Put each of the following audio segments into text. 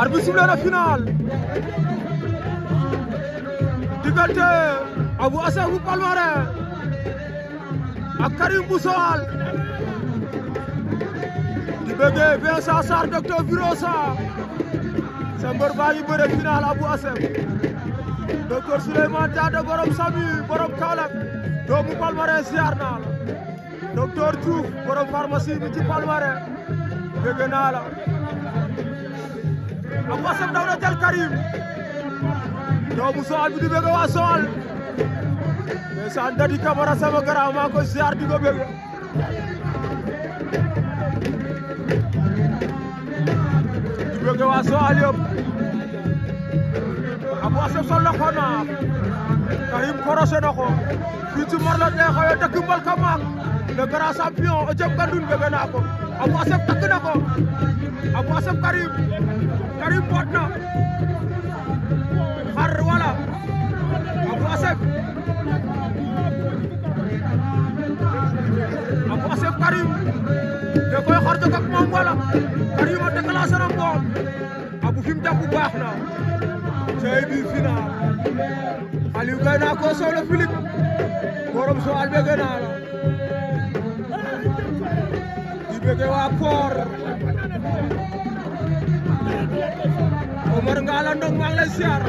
arbitre sifflé na final diggante Abou Assef bu Palmarin ak Karim bu Joal di bëggee Vincent Sarr docteur Virosa sa baa ngi bëre final Abou Assef docteur Souleymane Daada borom Sami borom Kaolack doomu Palmarin siyaar naa la docteur Diouf borom pharmacie bi ci Palmarin bëgg naa la Abou Assef daw na jël Karim doomu Joal bi di bëgg waa Joal ndeysaan Dadi Camara sama garaaw maa koy ziar di ko bëgg di bëgg waa Joal yëpp Abou Assef sol na ko naa Karim korose na ko fii ci Marlot ne xooyo dëkk Mbalka Maak le grand champion o jëm gandun naa ko Abou Assef takk na ko Abou Assef Karim Karim boot na far wala Abou Assef Abou Assef Karim da koy xorjog ak moom Karim a déclenché na moom Abou fi mu baax na cey bi final Aliou gay naa ko solo Philippe borom so albe gay naa waa Port Omar Ngalla Ndong maa ngi lay siyaar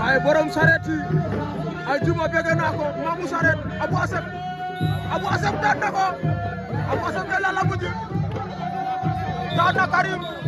waaye borom sareet naa ko maamu sareet Abu Asep Abu Asep daan ko Abu Asep de la lamb ji daan na